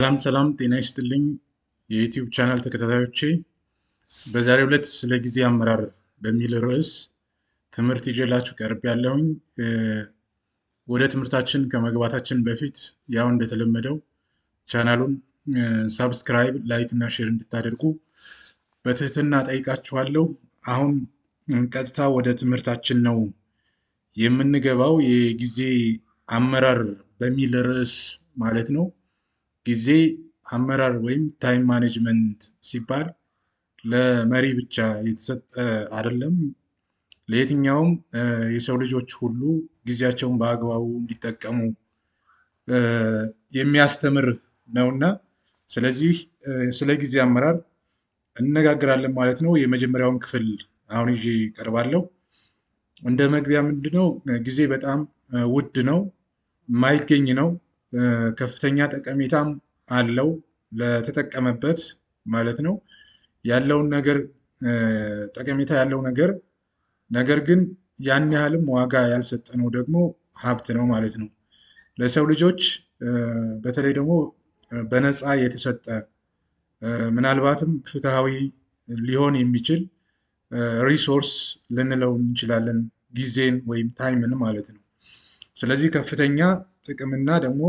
ሰላም ሰላም፣ ጤና ይስጥልኝ የዩቲዩብ ቻናል ተከታታዮቼ። በዛሬው ዕለት ስለ ጊዜ አመራር በሚል ርዕስ ትምህርት ይዤላችሁ ቀርብ ያለሁኝ። ወደ ትምህርታችን ከመግባታችን በፊት ያው እንደተለመደው ቻናሉን ሳብስክራይብ፣ ላይክ እና ሼር እንድታደርጉ በትህትና ጠይቃችኋለሁ። አሁን ቀጥታ ወደ ትምህርታችን ነው የምንገባው። የጊዜ አመራር በሚል ርዕስ ማለት ነው ጊዜ አመራር ወይም ታይም ማኔጅመንት ሲባል ለመሪ ብቻ የተሰጠ አይደለም። ለየትኛውም የሰው ልጆች ሁሉ ጊዜያቸውን በአግባቡ እንዲጠቀሙ የሚያስተምር ነውና ስለዚህ ስለ ጊዜ አመራር እነጋገራለን ማለት ነው። የመጀመሪያውን ክፍል አሁን ይዤ ቀርባለሁ። እንደ መግቢያ ምንድነው ጊዜ በጣም ውድ ነው፣ የማይገኝ ነው። ከፍተኛ ጠቀሜታም አለው ለተጠቀመበት ማለት ነው። ያለውን ነገር ጠቀሜታ ያለው ነገር ነገር ግን ያን ያህልም ዋጋ ያልሰጠነው ደግሞ ሀብት ነው ማለት ነው። ለሰው ልጆች በተለይ ደግሞ በነፃ የተሰጠ ምናልባትም ፍትሃዊ ሊሆን የሚችል ሪሶርስ ልንለው እንችላለን ጊዜን ወይም ታይምን ማለት ነው። ስለዚህ ከፍተኛ ጥቅምና ደግሞ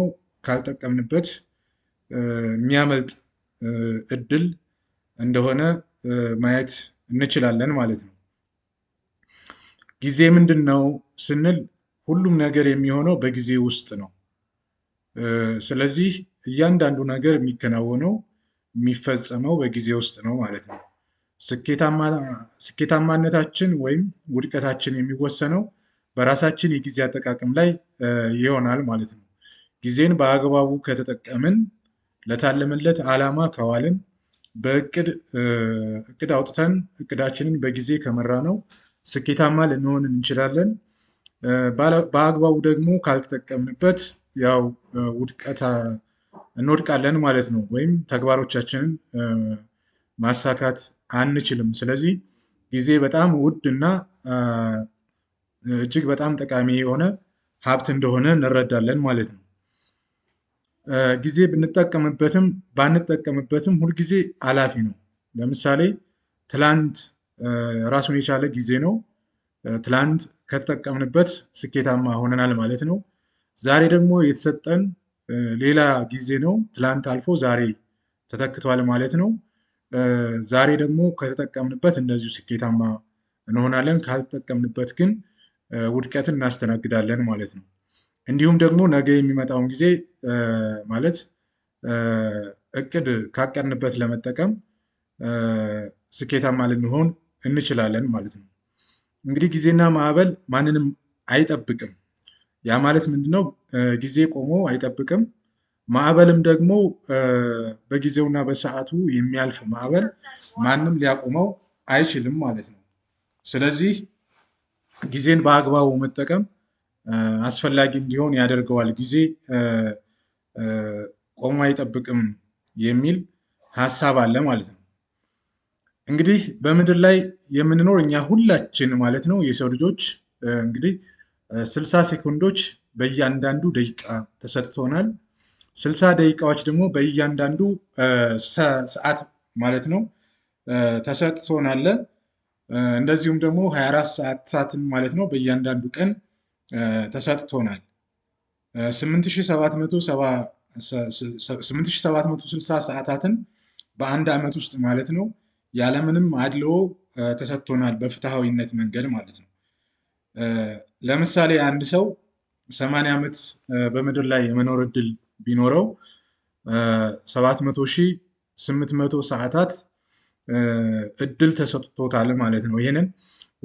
ካልጠቀምንበት የሚያመልጥ እድል እንደሆነ ማየት እንችላለን ማለት ነው። ጊዜ ምንድን ነው ስንል ሁሉም ነገር የሚሆነው በጊዜ ውስጥ ነው። ስለዚህ እያንዳንዱ ነገር የሚከናወነው የሚፈጸመው በጊዜ ውስጥ ነው ማለት ነው። ስኬታማነታችን ወይም ውድቀታችን የሚወሰነው በራሳችን የጊዜ አጠቃቀም ላይ ይሆናል ማለት ነው። ጊዜን በአግባቡ ከተጠቀምን፣ ለታለመለት ዓላማ ከዋልን፣ በእቅድ እቅድ አውጥተን እቅዳችንን በጊዜ ከመራ ነው ስኬታማ ልንሆን እንችላለን። በአግባቡ ደግሞ ካልተጠቀምንበት ያው ውድቀት እንወድቃለን ማለት ነው። ወይም ተግባሮቻችንን ማሳካት አንችልም። ስለዚህ ጊዜ በጣም ውድ እና እጅግ በጣም ጠቃሚ የሆነ ሀብት እንደሆነ እንረዳለን ማለት ነው። ጊዜ ብንጠቀምበትም ባንጠቀምበትም ሁልጊዜ አላፊ ነው። ለምሳሌ ትላንት ራሱን የቻለ ጊዜ ነው። ትላንት ከተጠቀምንበት ስኬታማ ሆነናል ማለት ነው። ዛሬ ደግሞ የተሰጠን ሌላ ጊዜ ነው። ትላንት አልፎ ዛሬ ተተክቷል ማለት ነው። ዛሬ ደግሞ ከተጠቀምንበት እንደዚሁ ስኬታማ እንሆናለን። ካልተጠቀምንበት ግን ውድቀትን እናስተናግዳለን ማለት ነው። እንዲሁም ደግሞ ነገ የሚመጣውን ጊዜ ማለት እቅድ ካቀንበት ለመጠቀም ስኬታማ ልንሆን እንችላለን ማለት ነው። እንግዲህ ጊዜና ማዕበል ማንንም አይጠብቅም። ያ ማለት ምንድነው? ጊዜ ቆሞ አይጠብቅም። ማዕበልም ደግሞ በጊዜውና በሰዓቱ የሚያልፍ ማዕበል ማንም ሊያቆመው አይችልም ማለት ነው። ስለዚህ ጊዜን በአግባቡ መጠቀም አስፈላጊ እንዲሆን ያደርገዋል። ጊዜ ቆሞ አይጠብቅም የሚል ሀሳብ አለ ማለት ነው። እንግዲህ በምድር ላይ የምንኖር እኛ ሁላችን ማለት ነው የሰው ልጆች እንግዲህ ስልሳ ሴኮንዶች በእያንዳንዱ ደቂቃ ተሰጥቶናል። ስልሳ ደቂቃዎች ደግሞ በእያንዳንዱ ሰዓት ማለት ነው ተሰጥቶናል። እንደዚሁም ደግሞ 24 ሰዓታትን ማለት ነው በእያንዳንዱ ቀን ተሰጥቶናል። 8760 ሰዓታትን በአንድ ዓመት ውስጥ ማለት ነው ያለምንም አድልዎ ተሰጥቶናል በፍትሐዊነት መንገድ ማለት ነው። ለምሳሌ አንድ ሰው 80 ዓመት በምድር ላይ የመኖር እድል ቢኖረው 700 ሰዓታት እድል ተሰጥቶታል ማለት ነው። ይህንን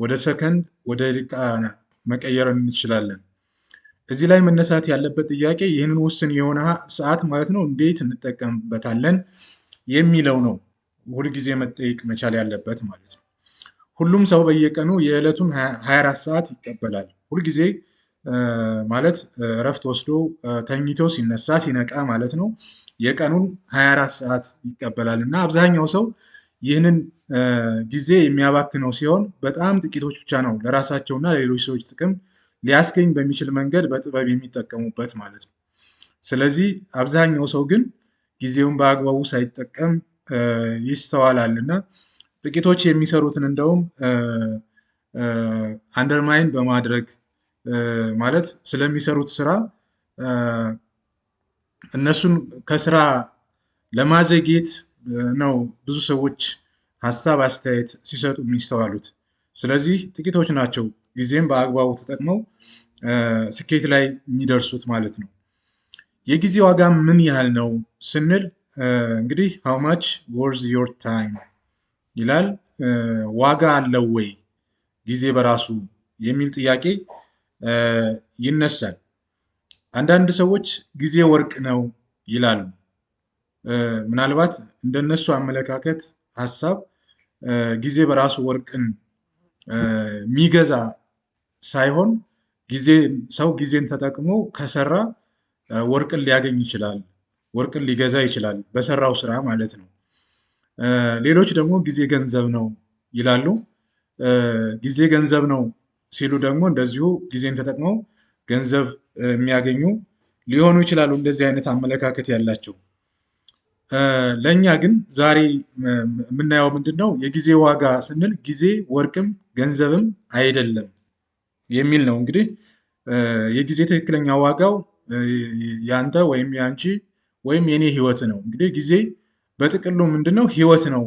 ወደ ሰከንድ ወደ ደቂቃ መቀየር እንችላለን። እዚህ ላይ መነሳት ያለበት ጥያቄ ይህንን ውስን የሆነ ሰዓት ማለት ነው እንዴት እንጠቀምበታለን የሚለው ነው ሁልጊዜ መጠየቅ መቻል ያለበት ማለት ነው። ሁሉም ሰው በየቀኑ የዕለቱን 24 ሰዓት ይቀበላል። ሁልጊዜ ማለት እረፍት ወስዶ ተኝቶ ሲነሳ ሲነቃ ማለት ነው የቀኑን 24 ሰዓት ይቀበላል እና አብዛኛው ሰው ይህንን ጊዜ የሚያባክነው ሲሆን በጣም ጥቂቶች ብቻ ነው ለራሳቸውና ለሌሎች ሰዎች ጥቅም ሊያስገኝ በሚችል መንገድ በጥበብ የሚጠቀሙበት ማለት ነው። ስለዚህ አብዛኛው ሰው ግን ጊዜውን በአግባቡ ሳይጠቀም ይስተዋላል እና ጥቂቶች የሚሰሩትን እንደውም አንደርማይን በማድረግ ማለት ስለሚሰሩት ስራ እነሱን ከስራ ለማዘግየት ነው ብዙ ሰዎች ሀሳብ፣ አስተያየት ሲሰጡ የሚስተዋሉት። ስለዚህ ጥቂቶች ናቸው ጊዜም በአግባቡ ተጠቅመው ስኬት ላይ የሚደርሱት ማለት ነው። የጊዜ ዋጋ ምን ያህል ነው ስንል እንግዲህ ሃው ማች ወርዝ ዮር ታይም ይላል። ዋጋ አለው ወይ ጊዜ በራሱ የሚል ጥያቄ ይነሳል። አንዳንድ ሰዎች ጊዜ ወርቅ ነው ይላሉ። ምናልባት እንደነሱ አመለካከት ሀሳብ ጊዜ በራሱ ወርቅን የሚገዛ ሳይሆን ጊዜ ሰው ጊዜን ተጠቅሞ ከሰራ ወርቅን ሊያገኝ ይችላል፣ ወርቅን ሊገዛ ይችላል በሰራው ስራ ማለት ነው። ሌሎች ደግሞ ጊዜ ገንዘብ ነው ይላሉ። ጊዜ ገንዘብ ነው ሲሉ ደግሞ እንደዚሁ ጊዜን ተጠቅመው ገንዘብ የሚያገኙ ሊሆኑ ይችላሉ። እንደዚህ አይነት አመለካከት ያላቸው ለእኛ ግን ዛሬ የምናየው ምንድን ነው? የጊዜ ዋጋ ስንል ጊዜ ወርቅም ገንዘብም አይደለም የሚል ነው። እንግዲህ የጊዜ ትክክለኛ ዋጋው ያንተ ወይም ያንቺ ወይም የኔ ህይወት ነው። እንግዲህ ጊዜ በጥቅሉ ምንድን ነው? ህይወት ነው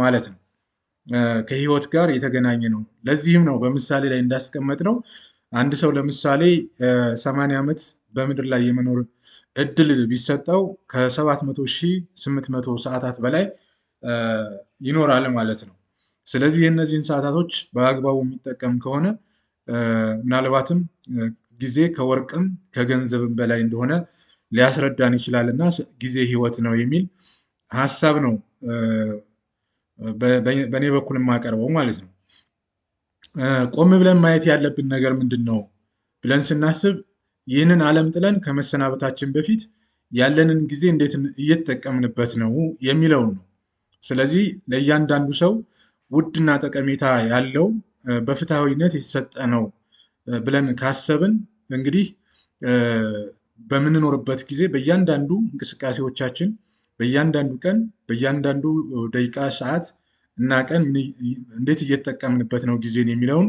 ማለት ነው። ከህይወት ጋር የተገናኘ ነው። ለዚህም ነው በምሳሌ ላይ እንዳስቀመጥ ነው አንድ ሰው ለምሳሌ ሰማንያ ዓመት በምድር ላይ የመኖር እድል ቢሰጠው ከ700 ሺህ 800 ሰዓታት በላይ ይኖራል ማለት ነው። ስለዚህ የእነዚህን ሰዓታቶች በአግባቡ የሚጠቀም ከሆነ ምናልባትም ጊዜ ከወርቅም ከገንዘብም በላይ እንደሆነ ሊያስረዳን ይችላል እና ጊዜ ህይወት ነው የሚል ሀሳብ ነው በእኔ በኩል የማቀርበው ማለት ነው። ቆም ብለን ማየት ያለብን ነገር ምንድን ነው ብለን ስናስብ ይህንን ዓለም ጥለን ከመሰናበታችን በፊት ያለንን ጊዜ እንዴት እየተጠቀምንበት ነው የሚለውን ነው። ስለዚህ ለእያንዳንዱ ሰው ውድና ጠቀሜታ ያለው በፍትሐዊነት የተሰጠ ነው ብለን ካሰብን እንግዲህ በምንኖርበት ጊዜ በእያንዳንዱ እንቅስቃሴዎቻችን በእያንዳንዱ ቀን በእያንዳንዱ ደቂቃ፣ ሰዓት እና ቀን እንዴት እየተጠቀምንበት ነው ጊዜን የሚለውን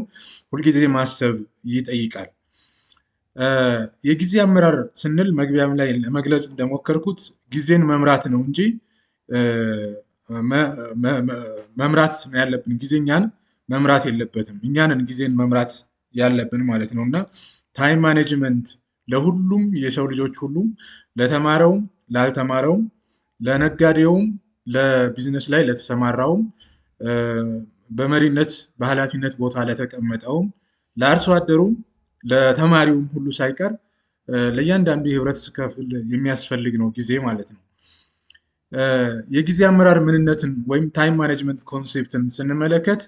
ሁልጊዜ ማሰብ ይጠይቃል። የጊዜ አመራር ስንል መግቢያም ላይ ለመግለጽ እንደሞከርኩት ጊዜን መምራት ነው እንጂ መምራት ያለብን ጊዜ እኛን መምራት የለበትም። እኛንን ጊዜን መምራት ያለብን ማለት ነው እና ታይም ማኔጅመንት ለሁሉም የሰው ልጆች ሁሉም ለተማረውም፣ ላልተማረውም፣ ለነጋዴውም፣ ለቢዝነስ ላይ ለተሰማራውም፣ በመሪነት በኃላፊነት ቦታ ለተቀመጠውም፣ ለአርሶ አደሩም ለተማሪውም ሁሉ ሳይቀር ለእያንዳንዱ የህብረት ክፍል የሚያስፈልግ ነው ጊዜ ማለት ነው። የጊዜ አመራር ምንነትን ወይም ታይም ማኔጅመንት ኮንሴፕትን ስንመለከት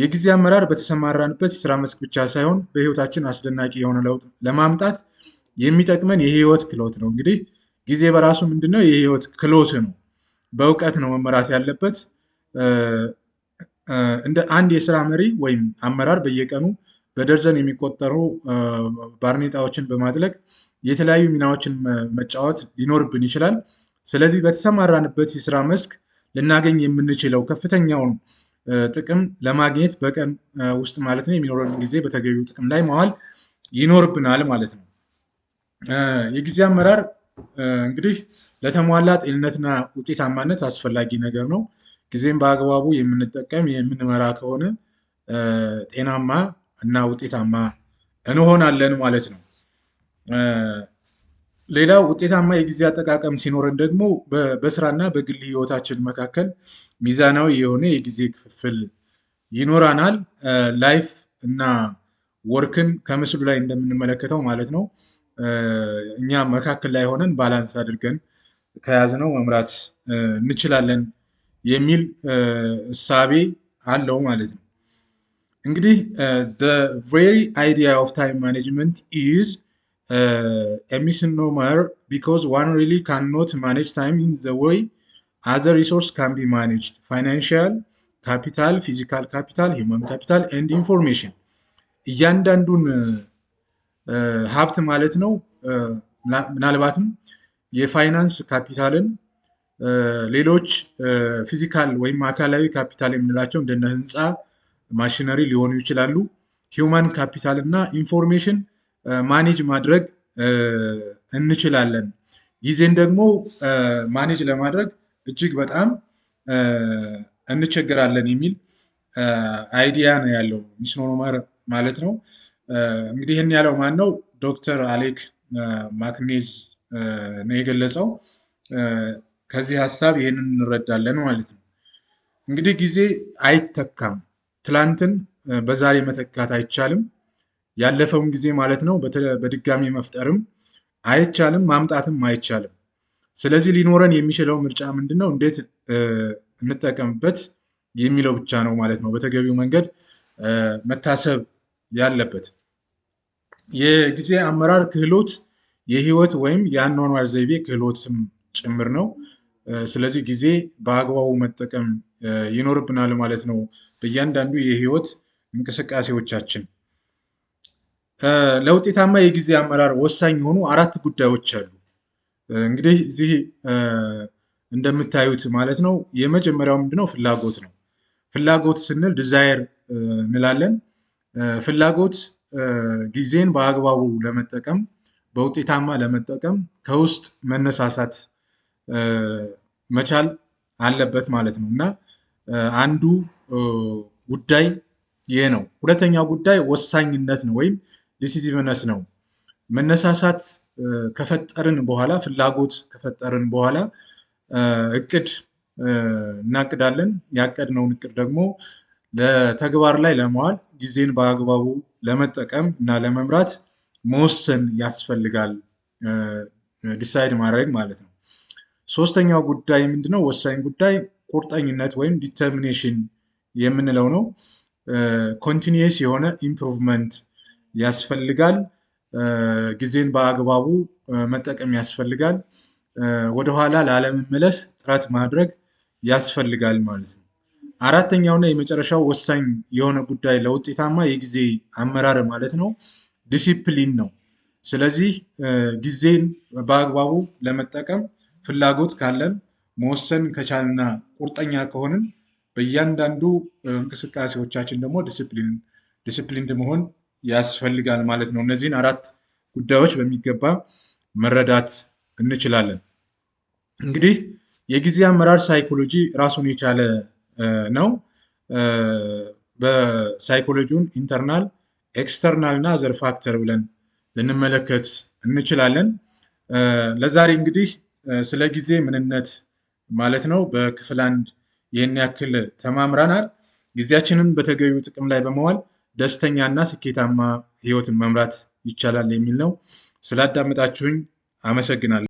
የጊዜ አመራር በተሰማራንበት የስራ መስክ ብቻ ሳይሆን በህይወታችን አስደናቂ የሆነ ለውጥ ለማምጣት የሚጠቅመን የህይወት ክሎት ነው። እንግዲህ ጊዜ በራሱ ምንድነው? የህይወት ክሎት ነው። በእውቀት ነው መመራት ያለበት። እንደ አንድ የስራ መሪ ወይም አመራር በየቀኑ በደርዘን የሚቆጠሩ ባርኔጣዎችን በማጥለቅ የተለያዩ ሚናዎችን መጫወት ሊኖርብን ይችላል። ስለዚህ በተሰማራንበት የስራ መስክ ልናገኝ የምንችለው ከፍተኛውን ጥቅም ለማግኘት በቀን ውስጥ ማለት ነው የሚኖረን ጊዜ በተገቢው ጥቅም ላይ መዋል ይኖርብናል ማለት ነው። የጊዜ አመራር እንግዲህ ለተሟላ ጤንነትና ውጤታማነት አስፈላጊ ነገር ነው። ጊዜም በአግባቡ የምንጠቀም የምንመራ ከሆነ ጤናማ እና ውጤታማ እንሆናለን ማለት ነው። ሌላው ውጤታማ የጊዜ አጠቃቀም ሲኖረን ደግሞ በስራና በግል ህይወታችን መካከል ሚዛናዊ የሆነ የጊዜ ክፍፍል ይኖራናል። ላይፍ እና ወርክን ከምስሉ ላይ እንደምንመለከተው ማለት ነው እኛ መካከል ላይ ሆነን ባላንስ አድርገን ከያዝነው መምራት እንችላለን የሚል እሳቤ አለው ማለት ነው። እንግዲህ ቬሪ አይዲያ ኦፍ ታይም ማኔጅመንት ኢዝ ሚስኖመር ቢኮዝ ዋን ሪሊ ካንኖት ማኔጅ ታይም ኢን ዘ ወይ አዘር ሪሶርስ ካን ቢ ማኔጅድ ፋይናንሽል ካፒታል፣ ፊዚካል ካፒታል፣ ሂውማን ካፒታል ኤንድ ኢንፎርሜሽን እያንዳንዱን uh, ሀብት ማለት ነው። uh, ምናልባትም የፋይናንስ ካፒታልን uh, ሌሎች ፊዚካል ወይም አካላዊ ካፒታል የምንላቸው እንደነ ህንፃ ማሽነሪ ሊሆኑ ይችላሉ። ሂውማን ካፒታል እና ኢንፎርሜሽን ማኔጅ ማድረግ እንችላለን። ጊዜን ደግሞ ማኔጅ ለማድረግ እጅግ በጣም እንቸገራለን የሚል አይዲያ ነው ያለው ሚስ ማለት ነው። እንግዲህ ይህን ያለው ማን ነው? ዶክተር አሌክ ማክኔዝ ነው የገለጸው። ከዚህ ሀሳብ ይህንን እንረዳለን ማለት ነው። እንግዲህ ጊዜ አይተካም። ትላንትን በዛሬ መተካት አይቻልም። ያለፈውን ጊዜ ማለት ነው በድጋሚ መፍጠርም አይቻልም፣ ማምጣትም አይቻልም። ስለዚህ ሊኖረን የሚችለው ምርጫ ምንድን ነው? እንዴት እንጠቀምበት የሚለው ብቻ ነው ማለት ነው በተገቢው መንገድ መታሰብ ያለበት። የጊዜ አመራር ክህሎት የህይወት ወይም የአኗኗር ዘይቤ ክህሎትም ጭምር ነው። ስለዚህ ጊዜ በአግባቡ መጠቀም ይኖርብናል ማለት ነው። በእያንዳንዱ የህይወት እንቅስቃሴዎቻችን ለውጤታማ የጊዜ አመራር ወሳኝ የሆኑ አራት ጉዳዮች አሉ። እንግዲህ እዚህ እንደምታዩት ማለት ነው። የመጀመሪያው ምንድነው? ፍላጎት ነው። ፍላጎት ስንል ዲዛይር እንላለን። ፍላጎት ጊዜን በአግባቡ ለመጠቀም በውጤታማ ለመጠቀም ከውስጥ መነሳሳት መቻል አለበት ማለት ነው እና አንዱ ጉዳይ ይህ ነው። ሁለተኛው ጉዳይ ወሳኝነት ነው ወይም ዲሲሲቭነስ ነው። መነሳሳት ከፈጠርን በኋላ ፍላጎት ከፈጠርን በኋላ እቅድ እናቅዳለን። ያቀድነውን እቅድ ደግሞ ለተግባር ላይ ለመዋል ጊዜን በአግባቡ ለመጠቀም እና ለመምራት መወሰን ያስፈልጋል። ዲሳይድ ማድረግ ማለት ነው። ሶስተኛው ጉዳይ ምንድነው? ወሳኝ ጉዳይ ቁርጠኝነት ወይም ዲተርሚኔሽን የምንለው ነው። ኮንቲኒየስ የሆነ ኢምፕሩቭመንት ያስፈልጋል። ጊዜን በአግባቡ መጠቀም ያስፈልጋል። ወደኋላ ላለመመለስ ጥረት ማድረግ ያስፈልጋል ማለት ነው። አራተኛውና የመጨረሻው ወሳኝ የሆነ ጉዳይ ለውጤታማ የጊዜ አመራር ማለት ነው ዲሲፕሊን ነው። ስለዚህ ጊዜን በአግባቡ ለመጠቀም ፍላጎት ካለን መወሰን ከቻልና ቁርጠኛ ከሆንን በእያንዳንዱ እንቅስቃሴዎቻችን ደግሞ ዲስፕሊን ዲስፕሊንድ መሆን ያስፈልጋል ማለት ነው። እነዚህን አራት ጉዳዮች በሚገባ መረዳት እንችላለን። እንግዲህ የጊዜ አመራር ሳይኮሎጂ ራሱን የቻለ ነው። በሳይኮሎጂውን ኢንተርናል፣ ኤክስተርናል እና አዘር ፋክተር ብለን ልንመለከት እንችላለን። ለዛሬ እንግዲህ ስለ ጊዜ ምንነት ማለት ነው በክፍል አንድ ይህን ያክል ተማምረናል። ጊዜያችንን በተገቢ ጥቅም ላይ በመዋል ደስተኛና ስኬታማ ህይወትን መምራት ይቻላል የሚል ነው። ስላዳመጣችሁኝ አመሰግናለሁ።